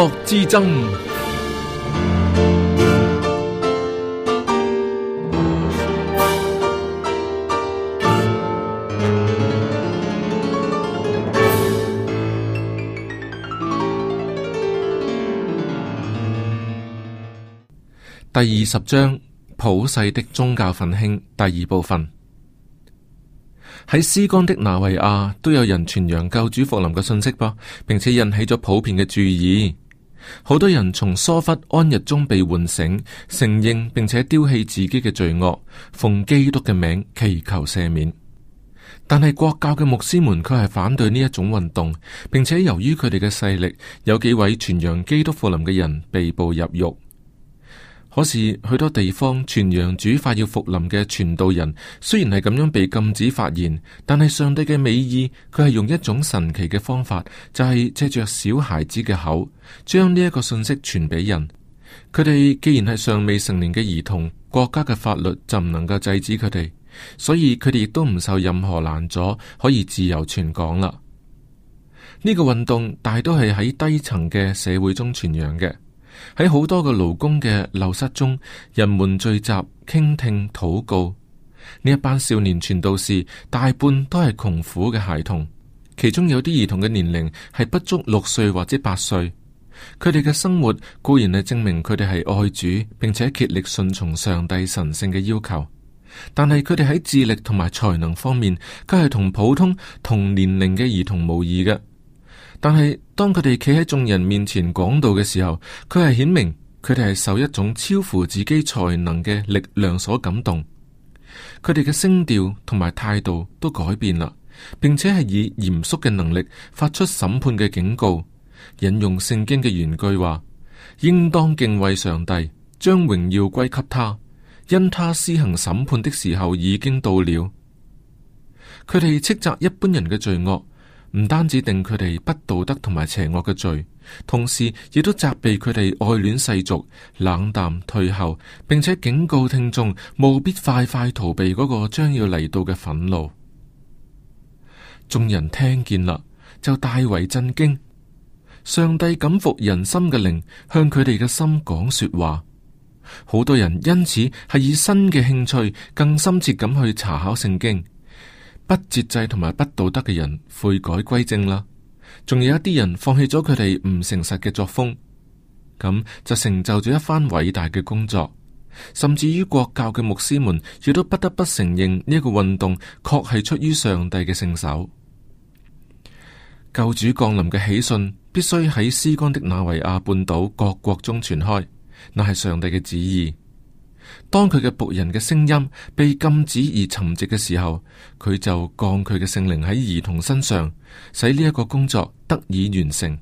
國之爭第二十章，普世的宗教奮興第二部分。喺斯堪的納維亞都有人傳揚救主復臨嘅信息噃，並且引起咗普遍嘅注意。好多人從疏忽安逸中被喚醒，承認並且丟棄自己嘅罪惡，奉基督嘅名祈求赦免。但係國教嘅牧師們卻係反對呢一種運動，並且由於佢哋嘅勢力，有幾位傳揚基督福音嘅人被捕入獄。嗰時，許多地方傳揚主快要復臨嘅傳道人，雖然係咁樣被禁止發言，但係上帝嘅美意，佢係用一種神奇嘅方法，就係、是、借着小孩子嘅口，將呢一個信息傳俾人。佢哋既然係尚未成年嘅兒童，國家嘅法律就唔能夠制止佢哋，所以佢哋亦都唔受任何攔阻，可以自由傳講啦。呢、這個運動大都係喺低層嘅社會中傳揚嘅。喺好多嘅勞工嘅流失中，人們聚集傾聽禱告。呢一班少年傳道士，大半都係窮苦嘅孩童，其中有啲兒童嘅年齡係不足六歲或者八歲。佢哋嘅生活固然係證明佢哋係愛主，並且竭力順從上帝神聖嘅要求，但係佢哋喺智力同埋才能方面，都係同普通同年齡嘅兒童無異嘅。但係，當佢哋企喺眾人面前講道嘅時候，佢係顯明佢哋係受一種超乎自己才能嘅力量所感動。佢哋嘅聲調同埋態度都改變啦，並且係以嚴肅嘅能力發出審判嘅警告，引用聖經嘅原句話：應當敬畏上帝，將榮耀歸給他，因他施行審判的時候已經到了。佢哋斥責一般人嘅罪惡。唔單止定佢哋不道德同埋邪惡嘅罪，同時亦都責備佢哋愛戀世俗、冷淡退後，並且警告聽眾務必快快逃避嗰個將要嚟到嘅憤怒。眾人聽見啦，就大為震驚。上帝感服人心嘅靈，向佢哋嘅心講說話。好多人因此係以新嘅興趣，更深切咁去查考聖經。不節制同埋不道德嘅人悔改歸正啦，仲有一啲人放棄咗佢哋唔誠實嘅作風，咁就成就咗一番偉大嘅工作。甚至於國教嘅牧師們亦都不得不承認，呢個運動確係出於上帝嘅聖手。救主降臨嘅喜訊必須喺斯干的納維亞半島各國中傳開，那係上帝嘅旨意。當佢嘅僕人嘅聲音被禁止而沉寂嘅時候，佢就降佢嘅聖靈喺兒童身上，使呢一個工作得以完成。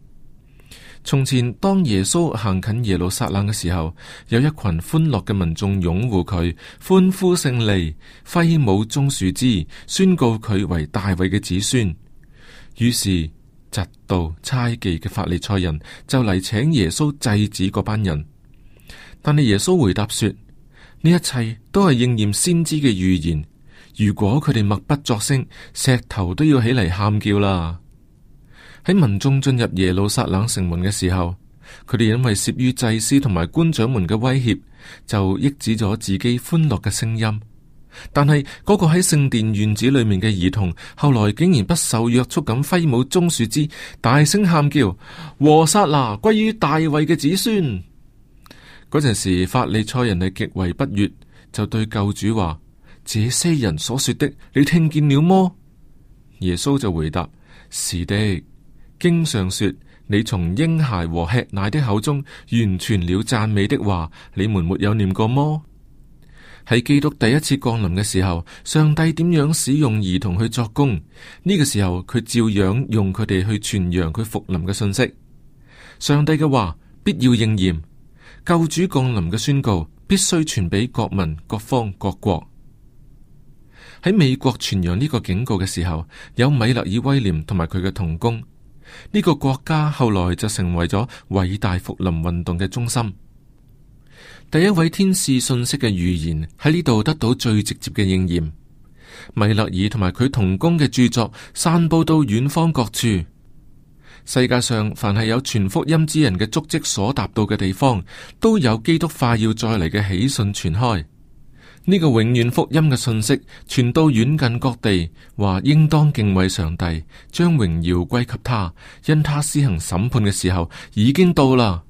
從前，當耶穌行近耶路撒冷嘅時候，有一群歡樂嘅民眾擁護佢，歡呼勝利，揮舞棕樹枝，宣告佢為大衛嘅子孫。於是，嫉妒猜忌嘅法利賽人就嚟請耶穌制止嗰班人，但係耶穌回答說：呢一切都係應驗先知嘅預言。如果佢哋默不作聲，石頭都要起嚟喊叫啦。喺民眾進入耶路撒冷城門嘅時候，佢哋因為攝於祭司同埋官長們嘅威脅，就抑制咗自己歡樂嘅聲音。但係嗰、那個喺聖殿院子裏面嘅兒童，後來竟然不受約束咁揮舞棕樹枝，大聲喊叫：和散那歸於大衛嘅子孫！嗰陣時，法利賽人係極為不悅，就對救主話：這些人所說的，你聽見了麼？耶穌就回答：是的。經常說，你從嬰孩和吃奶的口中，完全了讚美的話，你們沒有念過麼？喺基督第一次降臨嘅時候，上帝點樣使用兒童去作工？呢個時候，佢照樣用佢哋去傳揚佢復臨嘅信息。上帝嘅話，必要應驗。救主降臨嘅宣告必須傳俾國民、各方、各國。喺美國傳揚呢個警告嘅時候，有米勒爾威廉同埋佢嘅同工，呢個國家後來就成為咗偉大復臨運動嘅中心。第一位天使信息嘅預言喺呢度得到最直接嘅應驗。米勒爾同埋佢同工嘅著作散布到遠方各處。世界上凡係有全福音之人嘅足跡所達到嘅地方，都有基督快要再嚟嘅喜訊傳開。呢、這個永遠福音嘅信息傳到遠近各地，話應當敬畏上帝，將榮耀歸給他，因他施行審判嘅時候已經到啦。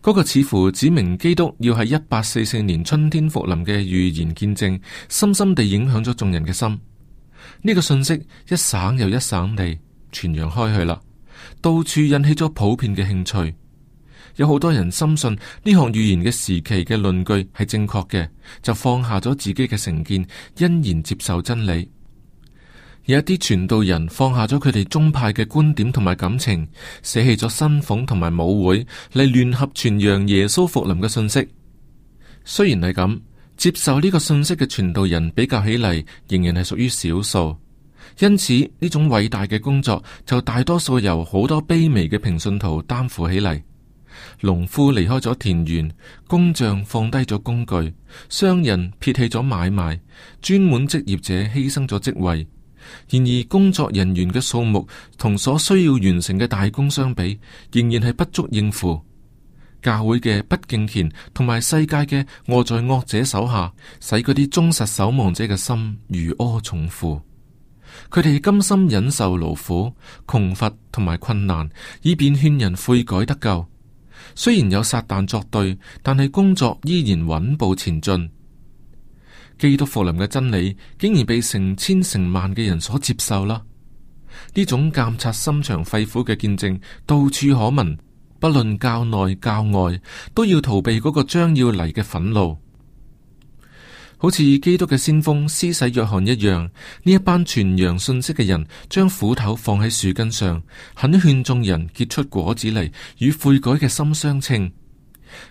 嗰、這個似乎指明基督要喺一八四四年春天復臨嘅預言見證，深深地影響咗眾人嘅心。呢、這個信息一省又一省地。傳揚開去啦，到處引起咗普遍嘅興趣，有好多人深信呢項預言嘅時期嘅論據係正確嘅，就放下咗自己嘅成見，欣然接受真理。有一啲傳道人放下咗佢哋宗派嘅觀點同埋感情，捨棄咗新奉同埋舞會，嚟聯合傳揚耶穌復臨嘅信息。雖然係咁，接受呢個信息嘅傳道人比較起嚟，仍然係屬於少數。因此呢種偉大嘅工作就大多數由好多卑微嘅平信徒擔負起嚟。農夫離開咗田園，工匠放低咗工具，商人撇棄咗買賣，專門職業者犧牲咗職位。然而工作人員嘅數目同所需要完成嘅大工相比，仍然係不足應付。教會嘅不敬虔同埋世界嘅臥在惡者手下，使嗰啲忠實守望者嘅心如阿重負。佢哋甘心忍受勞苦、窮乏同埋困難，以便勸人悔改得救。雖然有撒旦作對，但係工作依然穩步前進。基督復臨嘅真理竟然被成千成萬嘅人所接受啦！呢種鑒察心腸肺腑嘅見證，到處可聞，不論教內教外，都要逃避嗰個將要嚟嘅憤怒。好似基督嘅先鋒施洗約翰一樣，呢一班傳揚信息嘅人，將斧頭放喺樹根上，肯勸眾人結出果子嚟，與悔改嘅心相稱。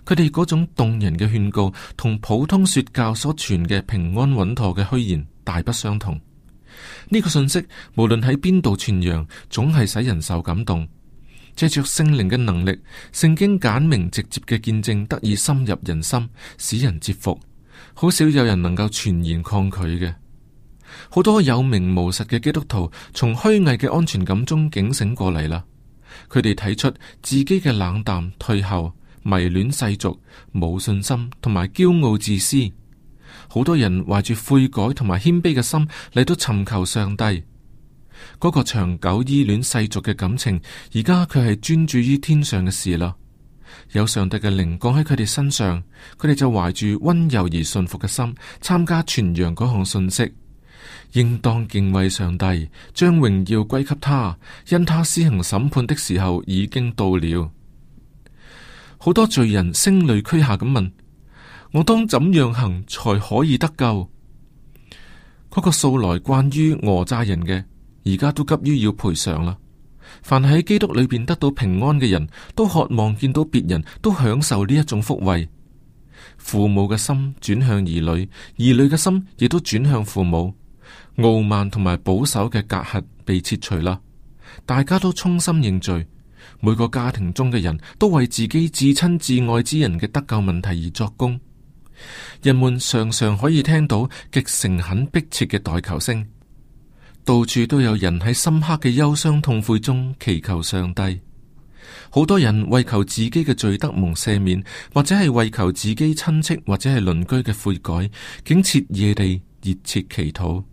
佢哋嗰種動人嘅勸告，同普通說教所傳嘅平安穩妥嘅虛言大不相同。呢個信息無論喺邊度傳揚，總係使人受感動。借着聖靈嘅能力，聖經簡明直接嘅見證得以深入人心，使人折服。好少有人能夠全然抗拒嘅，好多有名無實嘅基督徒從虛偽嘅安全感中警醒過嚟啦。佢哋睇出自己嘅冷淡、退後、迷戀世俗、冇信心同埋驕傲自私。好多人懷住悔改同埋謙卑嘅心嚟到尋求上帝。嗰個長久依戀世俗嘅感情，而家卻係專注於天上嘅事啦。有上帝嘅靈降喺佢哋身上，佢哋就懷住溫柔而信服嘅心，參加傳揚嗰項信息，應當敬畏上帝，將榮耀歸給他，因他施行審判的時候已經到了。好多罪人聲淚俱下咁問：我當怎樣行才可以得救？嗰、那個素來慣於訛詐人嘅，而家都急於要賠償啦。凡喺基督裏邊得到平安嘅人，都渴望見到別人都享受呢一種福惠，父母嘅心轉向兒女，兒女嘅心亦都轉向父母。傲慢同埋保守嘅隔閡被切除啦，大家都衷心認罪。每個家庭中嘅人都為自己至親至愛之人嘅得救問題而作功。人們常常可以聽到極誠懇、迫切嘅代求聲。到處都有人喺深刻嘅憂傷、痛悔中祈求上帝，好多人為求自己嘅罪得蒙赦免，或者係為求自己親戚或者係鄰居嘅悔改，竟徹夜地熱切祈禱。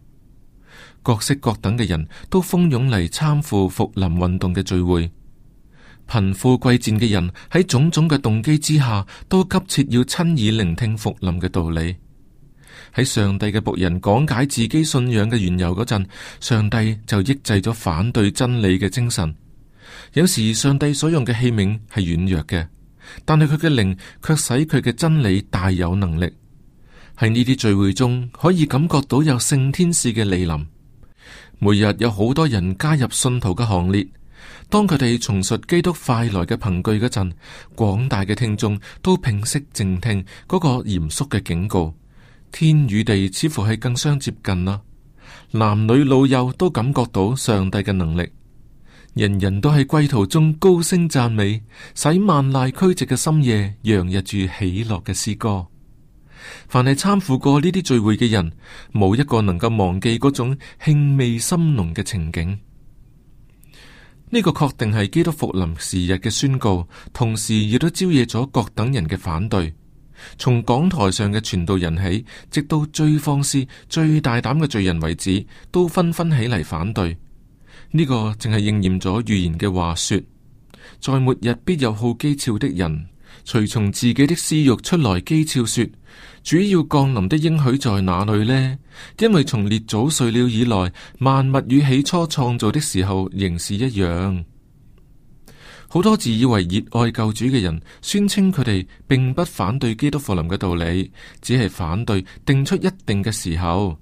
各式各等嘅人都蜂擁嚟參赴復臨運動嘅聚會，貧富貴賤嘅人喺種種嘅動機之下，都急切要親耳聆聽復臨嘅道理。喺上帝嘅僕人講解自己信仰嘅緣由嗰陣，上帝就抑制咗反對真理嘅精神。有時上帝所用嘅器皿係軟弱嘅，但係佢嘅靈卻使佢嘅真理大有能力。喺呢啲聚會中，可以感覺到有聖天使嘅蒞臨。每日有好多人加入信徒嘅行列。當佢哋重述基督快來嘅憑據嗰陣，廣大嘅聽眾都屏息靜聽嗰個嚴肅嘅警告。天與地似乎係更相接近啦，男女老幼都感覺到上帝嘅能力，人人都喺歸途中高聲讚美，使萬籟俱寂嘅深夜洋溢住喜樂嘅詩歌。凡係參附過呢啲聚會嘅人，冇一個能夠忘記嗰種興味深濃嘅情景。呢個確定係基督復臨時日嘅宣告，同時亦都招惹咗各等人嘅反對。從講台上嘅傳道人起，直到最放肆、最大膽嘅罪人為止，都紛紛起嚟反對。呢、這個淨係應驗咗預言嘅話說：在末日必有好譏誚的人，隨從自己的私欲出來譏誚說，主要降臨的應許在哪裏呢？因為從列祖睡了以來，萬物與起初創造的時候仍是一樣。好多自以為熱愛救主嘅人，宣稱佢哋並不反對基督復臨嘅道理，只係反對定出一定嘅時候。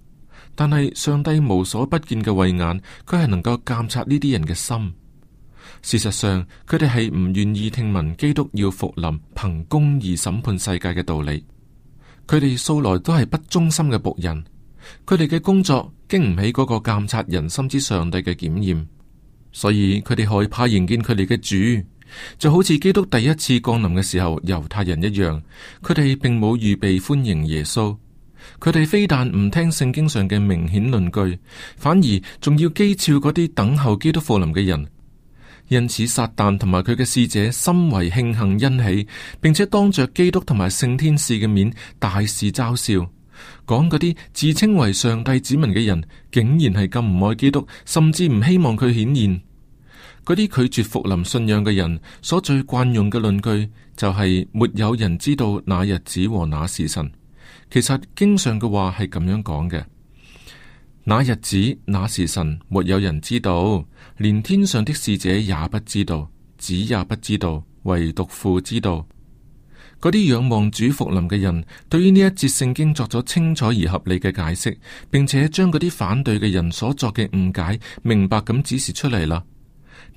但係上帝無所不見嘅慧眼，佢係能夠監察呢啲人嘅心。事實上，佢哋係唔願意聽聞基督要復臨憑公義審判世界嘅道理。佢哋素來都係不忠心嘅僕人，佢哋嘅工作經唔起嗰個監察人心之上帝嘅檢驗。所以佢哋害怕迎見佢哋嘅主，就好似基督第一次降臨嘅時候猶太人一樣。佢哋並冇預備歡迎耶穌，佢哋非但唔聽聖經上嘅明顯論據，反而仲要譏笑嗰啲等候基督降臨嘅人。因此，撒旦同埋佢嘅使者深為慶幸欣喜，並且當着基督同埋聖天使嘅面大肆嘲笑，講嗰啲自稱為上帝子民嘅人，竟然係咁唔愛基督，甚至唔希望佢顯現。嗰啲拒絕復臨信仰嘅人所最慣用嘅論據就係、是、沒有人知道那日子和那時辰。其實經上嘅話係咁樣講嘅：那日子、那時辰，沒有人知道，連天上的使者也不知道，子也不知道，唯獨父知道。嗰啲仰望主復臨嘅人，對於呢一節聖經作咗清楚而合理嘅解釋，並且將嗰啲反對嘅人所作嘅誤解明白咁指示出嚟啦。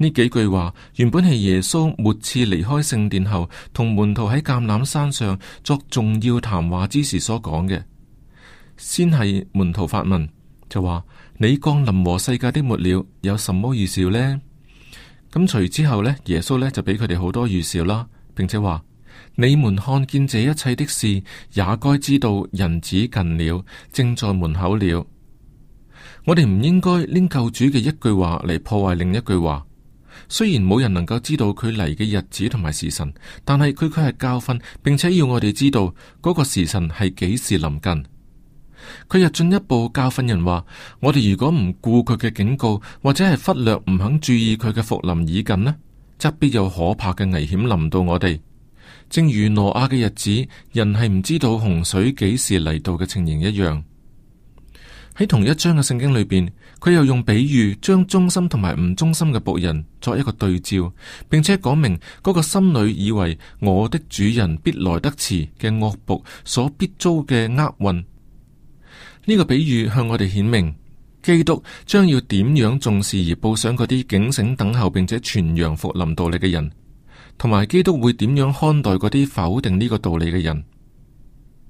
呢幾句話原本係耶穌末次離開聖殿後，同門徒喺橄欖山上作重要談話之時所講嘅。先係門徒發問，就話你降臨和世界的末了有什麼預兆呢？咁、嗯、隨之後呢，耶穌呢就俾佢哋好多預兆啦，並且話你們看見這一切的事，也該知道人子近了，正在門口了。我哋唔應該拎舊主嘅一句話嚟破壞另一句話。雖然冇人能夠知道佢嚟嘅日子同埋時辰，但係佢佢係教訓，並且要我哋知道嗰個時辰係幾時臨近。佢又進一步教訓人話：「我哋如果唔顧佢嘅警告，或者係忽略唔肯注意佢嘅復臨已近呢則必有可怕嘅危險臨到我哋，正如挪亞嘅日子，人係唔知道洪水幾時嚟到嘅情形一樣。喺同一章嘅聖經裏邊。佢又用比喻將忠心同埋唔忠心嘅僕人作一個對照，並且講明嗰、那個心裏以為我的主人必來得遲嘅惡僕所必遭嘅厄運。呢、這個比喻向我哋顯明，基督將要點樣重視而報上嗰啲警醒等候並且全然復臨道理嘅人，同埋基督會點樣看待嗰啲否定呢個道理嘅人。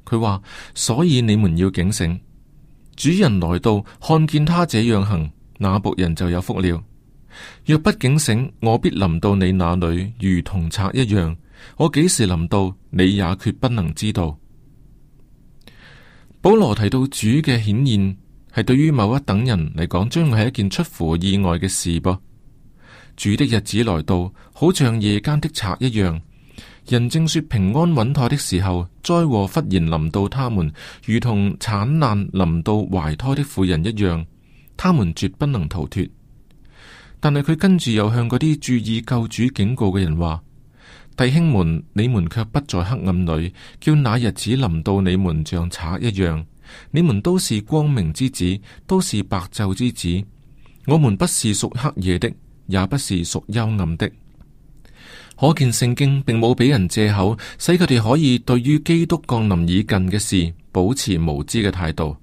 佢話：所以你們要警醒。主人來到，看見他這樣行，那僕人就有福了。若不警醒，我必臨到你那裡，如同賊一樣。我幾時臨到，你也決不能知道。保羅提到主嘅顯現係對於某一等人嚟講，將會係一件出乎意外嘅事噃。主的日子來到，好像夜間的賊一樣。人正說平安穩妥的時候，災禍忽然臨到他們，如同產難臨到懷胎的婦人一樣，他們絕不能逃脫。但係佢跟住又向嗰啲注意救主警告嘅人話：弟兄們，你們卻不在黑暗裏，叫那日子臨到你們像賊一樣。你們都是光明之子，都是白晝之子。我們不是屬黑夜的，也不是屬幽暗的。可見聖經並冇俾人借口，使佢哋可以對於基督降臨已近嘅事保持無知嘅態度。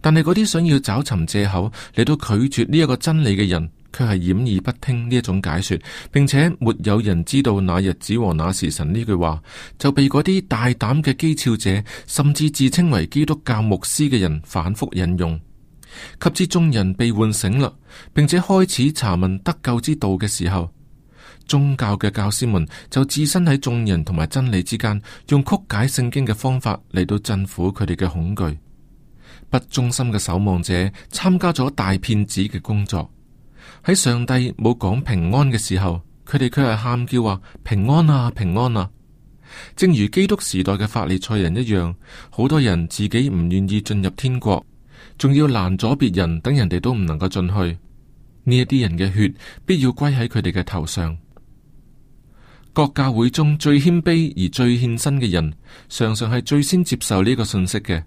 但係嗰啲想要找尋借口嚟到拒絕呢一個真理嘅人，卻係掩耳不聽呢一種解說，並且沒有人知道那日子和那時辰呢句話，就被嗰啲大膽嘅譏誚者，甚至自稱為基督教牧師嘅人，反覆引用。及至眾人被喚醒啦，並且開始查問得救之道嘅時候。宗教嘅教師們就置身喺眾人同埋真理之間，用曲解聖經嘅方法嚟到鎮撫佢哋嘅恐懼。不忠心嘅守望者參加咗大騙子嘅工作。喺上帝冇講平安嘅時候，佢哋卻係喊叫話平安啊，平安啊。正如基督時代嘅法利賽人一樣，好多人自己唔願意進入天國，仲要攔咗別人等人哋都唔能夠進去。呢一啲人嘅血必要歸喺佢哋嘅頭上。各教會中最謙卑而最獻身嘅人，常常係最先接受呢個信息嘅。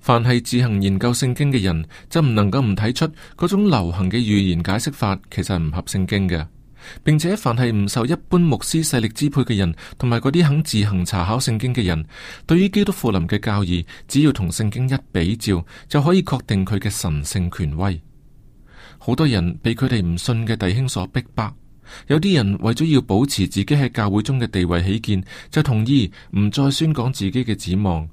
凡係自行研究聖經嘅人，就唔能夠唔睇出嗰種流行嘅預言解釋法其實係唔合聖經嘅。並且凡係唔受一般牧師勢力支配嘅人，同埋嗰啲肯自行查考聖經嘅人，對於基督復臨嘅教義，只要同聖經一比照，就可以確定佢嘅神聖權威。好多人被佢哋唔信嘅弟兄所逼迫。有啲人為咗要保持自己喺教會中嘅地位起見，就同意唔再宣講自己嘅指望；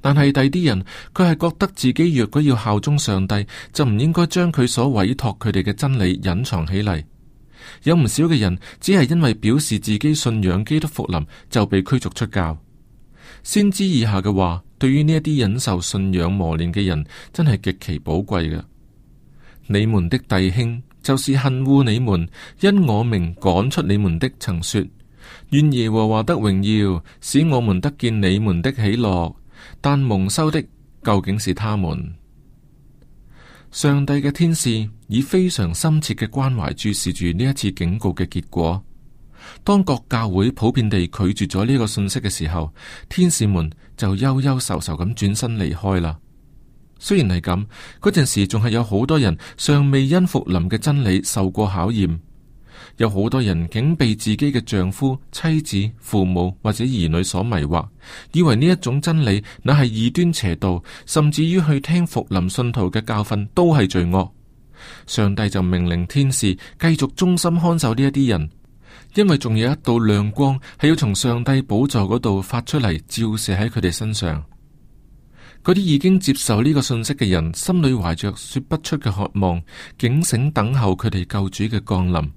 但係第啲人佢係覺得自己若果要效忠上帝，就唔應該將佢所委託佢哋嘅真理隱藏起嚟。有唔少嘅人只係因為表示自己信仰基督復臨，就被驅逐出教。先知以下嘅話，對於呢一啲忍受信仰磨練嘅人，真係極其寶貴嘅。你們的弟兄。就是恨惡你們，因我名趕出你們的，曾說願耶和華得榮耀，使我們得見你們的喜樂。但蒙羞的究竟是他們。上帝嘅天使以非常深切嘅關懷注視住呢一次警告嘅結果。當各教會普遍地拒絕咗呢個信息嘅時候，天使們就憂憂愁愁咁轉身離開啦。雖然係咁，嗰陣時仲係有好多人尚未因復臨嘅真理受過考驗，有好多人竟被自己嘅丈夫、妻子、父母或者兒女所迷惑，以為呢一種真理乃係異端邪道，甚至於去聽復臨信徒嘅教訓都係罪惡。上帝就命令天使繼續忠心看守呢一啲人，因為仲有一道亮光係要從上帝寶座嗰度發出嚟，照射喺佢哋身上。嗰啲已經接受呢個信息嘅人，心裏懷着說不出嘅渴望，警醒等候佢哋救主嘅降臨。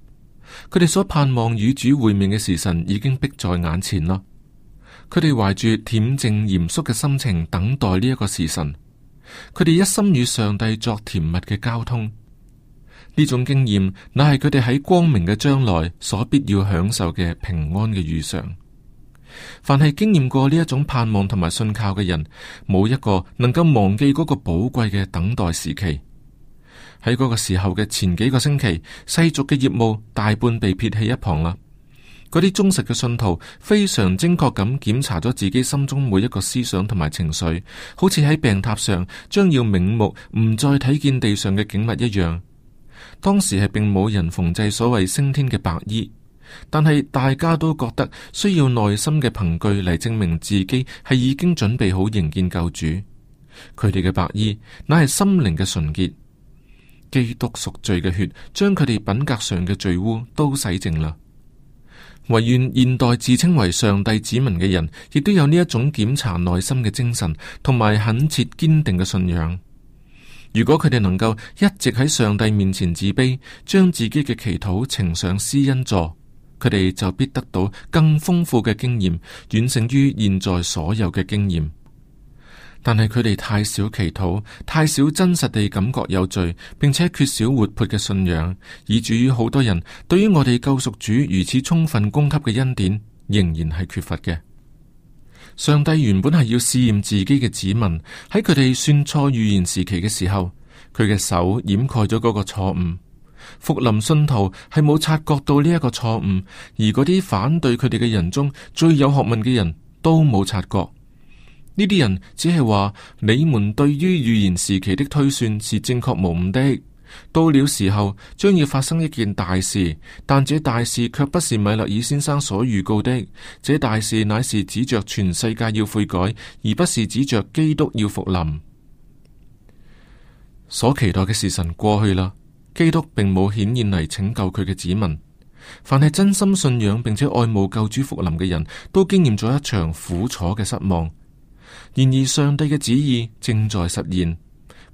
佢哋所盼望與主會面嘅時辰，已經迫在眼前啦。佢哋懷住恬靜嚴肅嘅心情，等待呢一個時辰。佢哋一心與上帝作甜蜜嘅交通。呢種經驗，乃係佢哋喺光明嘅將來所必要享受嘅平安嘅預嘗。凡係經驗過呢一種盼望同埋信靠嘅人，冇一個能夠忘記嗰個寶貴嘅等待時期。喺嗰個時候嘅前幾個星期，世俗嘅業務大半被撇喺一旁啦。嗰啲忠實嘅信徒非常精確咁檢查咗自己心中每一個思想同埋情緒，好似喺病榻上將要瞑目，唔再睇見地上嘅景物一樣。當時係並冇人縫製所謂升天嘅白衣。但係，大家都覺得需要內心嘅憑據嚟證明自己係已經準備好迎見救主。佢哋嘅白衣乃係心靈嘅純潔，基督贖罪嘅血將佢哋品格上嘅罪污都洗淨啦。唯願現代自稱為上帝子民嘅人，亦都有呢一種檢查內心嘅精神，同埋懇切堅定嘅信仰。如果佢哋能夠一直喺上帝面前自卑，將自己嘅祈禱呈上施恩座。佢哋就必得到更豐富嘅經驗，遠勝於現在所有嘅經驗。但係佢哋太少祈禱，太少真實地感覺有罪，並且缺少活潑嘅信仰，以至於好多人對於我哋救贖主如此充分供給嘅恩典，仍然係缺乏嘅。上帝原本係要試驗自己嘅子民，喺佢哋算錯預言時期嘅時候，佢嘅手掩蓋咗嗰個錯誤。復臨信徒係冇察覺到呢一個錯誤，而嗰啲反對佢哋嘅人中最有學問嘅人都冇察覺。呢啲人只係話你們對於預言時期的推算是正確無誤的。到了時候將要發生一件大事，但這大事卻不是米勒爾先生所預告的。這大事乃是指着全世界要悔改，而不是指着基督要復臨。所期待嘅時辰過去啦。基督並冇顯現嚟拯救佢嘅子民。凡係真心信仰並且愛慕救主復臨嘅人都經驗咗一場苦楚嘅失望。然而，上帝嘅旨意正在實現，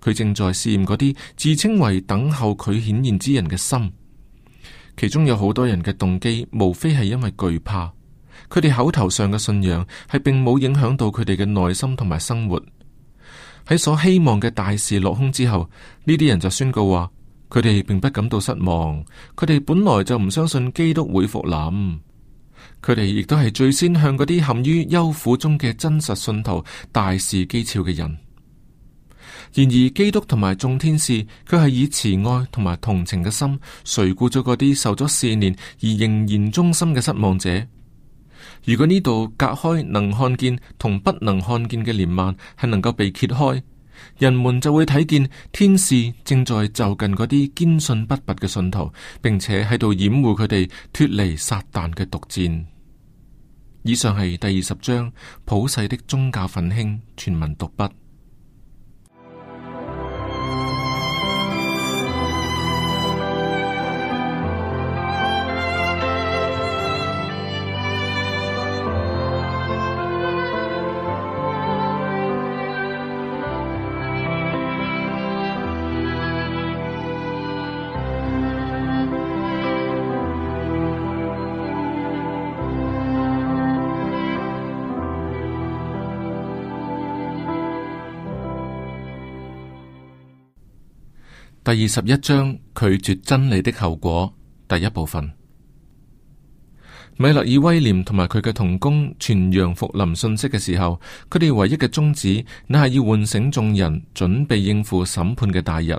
佢正在試驗嗰啲自稱為等候佢顯現之人嘅心。其中有好多人嘅動機，無非係因為懼怕。佢哋口頭上嘅信仰係並冇影響到佢哋嘅內心同埋生活。喺所希望嘅大事落空之後，呢啲人就宣告話：佢哋並不感到失望，佢哋本來就唔相信基督會復臨，佢哋亦都係最先向嗰啲陷於憂苦中嘅真實信徒大肆譏誚嘅人。然而，基督同埋眾天使，佢係以慈愛同埋同情嘅心垂顧咗嗰啲受咗試煉而仍然忠心嘅失望者。如果呢度隔開能看見同不能看見嘅連曼係能夠被揭開，人們就會睇見天使正在就近嗰啲堅信不拔嘅信徒，並且喺度掩護佢哋脫離撒旦嘅毒箭。以上係第二十章普世的宗教奮興全文讀畢。第二十一章拒絕真理的後果，第一部分。米勒爾威廉同埋佢嘅同工傳揚復臨信息嘅時候，佢哋唯一嘅宗旨，乃係要喚醒眾人，準備應付審判嘅大日。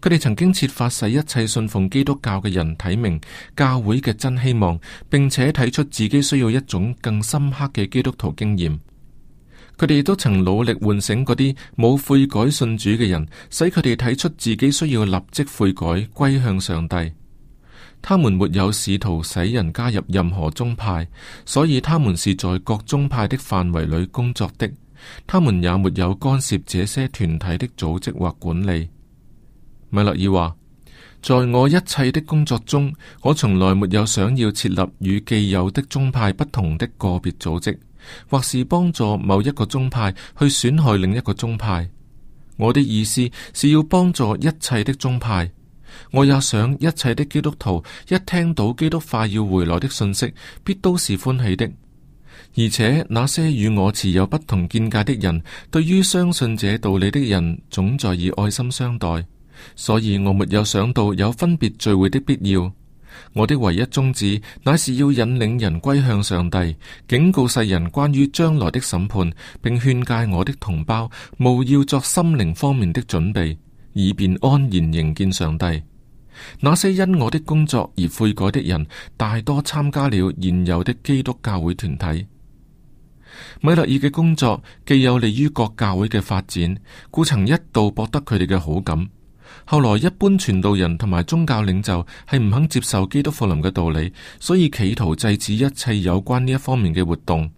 佢哋曾經設法使一切信奉基督教嘅人睇明教會嘅真希望，並且睇出自己需要一種更深刻嘅基督徒經驗。佢哋都曾努力喚醒嗰啲冇悔改信主嘅人，使佢哋睇出自己需要立即悔改歸向上帝。他們沒有試圖使人加入任何宗派，所以他們是在各宗派的範圍裏工作的，他們也沒有干涉這些團體的組織或管理。米勒爾話：在我一切的工作中，我從來沒有想要設立與既有的宗派不同的個別組織。或是幫助某一個宗派去損害另一個宗派，我的意思是要幫助一切的宗派。我也想一切的基督徒一聽到基督快要回來的信息，必都是歡喜的。而且那些與我持有不同見解的人，對於相信這道理的人，總在以愛心相待。所以我沒有想到有分別聚會的必要。我的唯一宗旨，乃是要引領人歸向上帝，警告世人關於將來的審判，並勸誡我的同胞，務要作心靈方面的準備，以便安然迎見上帝。那些因我的工作而悔改的人，大多參加了現有的基督教會團體。米勒爾嘅工作，既有利於各教會嘅發展，故曾一度博得佢哋嘅好感。後來，一般傳道人同埋宗教領袖係唔肯接受基督復臨嘅道理，所以企圖制止一切有關呢一方面嘅活動。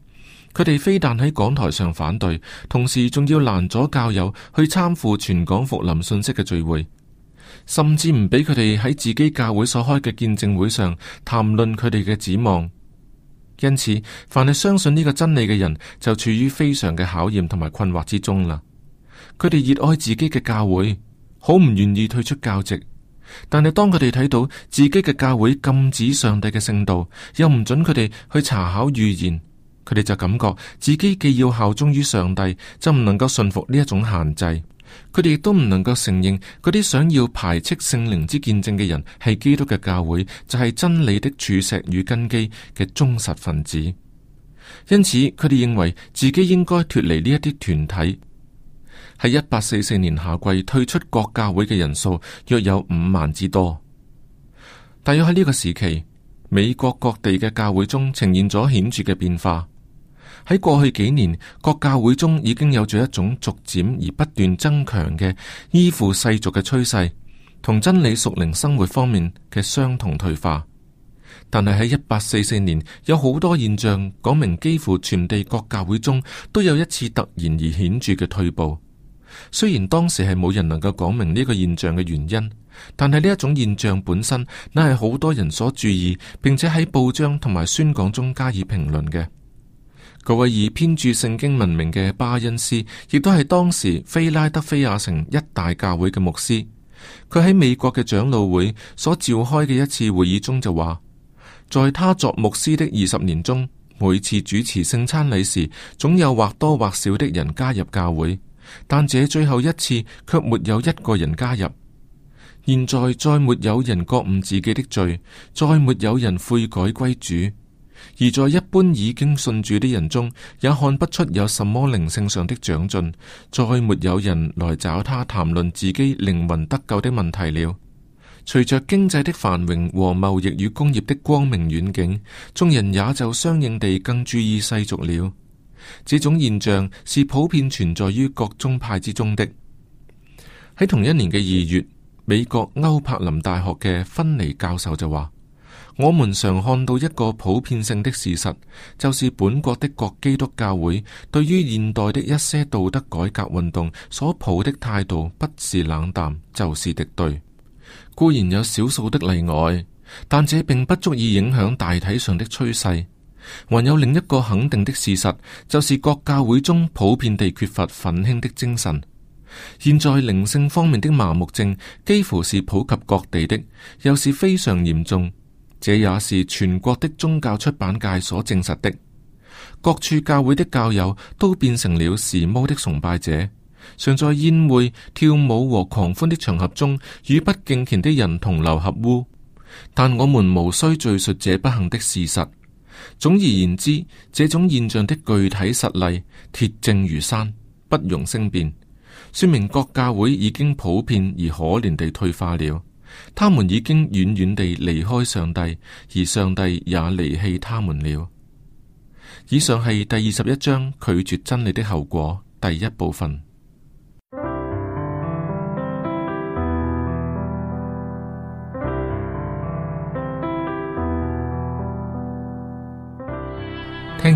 佢哋非但喺講台上反對，同時仲要攔阻教友去參赴全港復臨信息嘅聚會，甚至唔俾佢哋喺自己教會所開嘅見證會上談論佢哋嘅指望。因此，凡係相信呢個真理嘅人就處於非常嘅考驗同埋困惑之中啦。佢哋熱愛自己嘅教會。好唔願意退出教職，但係當佢哋睇到自己嘅教會禁止上帝嘅聖道，又唔准佢哋去查考預言，佢哋就感覺自己既要效忠於上帝，就唔能夠順服呢一種限制。佢哋亦都唔能夠承認嗰啲想要排斥聖靈之見證嘅人係基督嘅教會，就係、是、真理的柱石與根基嘅忠實分子。因此，佢哋認為自己應該脫離呢一啲團體。喺一八四四年夏季退出國教會嘅人數約有五萬之多。大約喺呢個時期，美國各地嘅教會中呈現咗顯著嘅變化。喺過去幾年，國教會中已經有着一種逐漸而不斷增強嘅依附世俗嘅趨勢，同真理屬靈生活方面嘅相同退化。但係喺一八四四年，有好多現象講明，幾乎全地國教會中都有一次突然而顯著嘅退步。雖然當時係冇人能夠講明呢個現象嘅原因，但係呢一種現象本身，乃係好多人所注意，並且喺報章同埋宣講中加以評論嘅。𠮶 位以編著聖經聞名嘅巴恩斯，亦都係當時菲拉德菲亞城一大教會嘅牧師。佢喺美國嘅長老會所召開嘅一次會議中就話，在他作牧師的二十年中，每次主持聖餐禮時，總有或多或少的人加入教會。但這最後一次，卻沒有一個人加入。現在再沒有人覺悟自己的罪，再沒有人悔改歸主，而在一般已經信主的人中，也看不出有什麼靈性上的長進。再沒有人來找他談論自己靈魂得救的問題了。隨着經濟的繁榮和貿易與工業的光明遠景，眾人也就相應地更注意世俗了。這種現象是普遍存在於各宗派之中的。喺同一年嘅二月，美國歐柏林大學嘅芬尼教授就話：「我們常看到一個普遍性的事實，就是本國的各基督教會對於現代的一些道德改革運動所抱的態度，不是冷淡，就是敵對。」固然有少數的例外，但這並不足以影響大體上的趨勢。還有另一個肯定的事實，就是各教會中普遍地缺乏奮興的精神。現在靈性方面的麻木症幾乎是普及各地的，又是非常嚴重。這也是全國的宗教出版界所證實的。各處教會的教友都變成了時髦的崇拜者，常在宴會、跳舞和狂歡的場合中與不敬虔的人同流合污。但我們無需敘述這不幸的事實。總而言之，這種現象的具體實例鐵證如山，不容聲辯，說明各教會已經普遍而可憐地退化了。他們已經遠遠地離開上帝，而上帝也離棄他們了。以上係第二十一章拒絕真理的後果第一部分。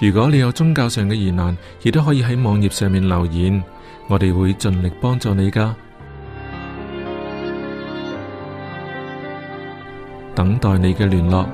如果你有宗教上嘅疑難，亦都可以喺網頁上面留言，我哋會盡力幫助你㗎，等待你嘅聯絡。